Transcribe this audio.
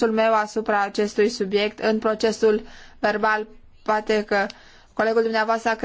meu asupra acestui subiect în procesul verbal. Poate că colegul dumneavoastră a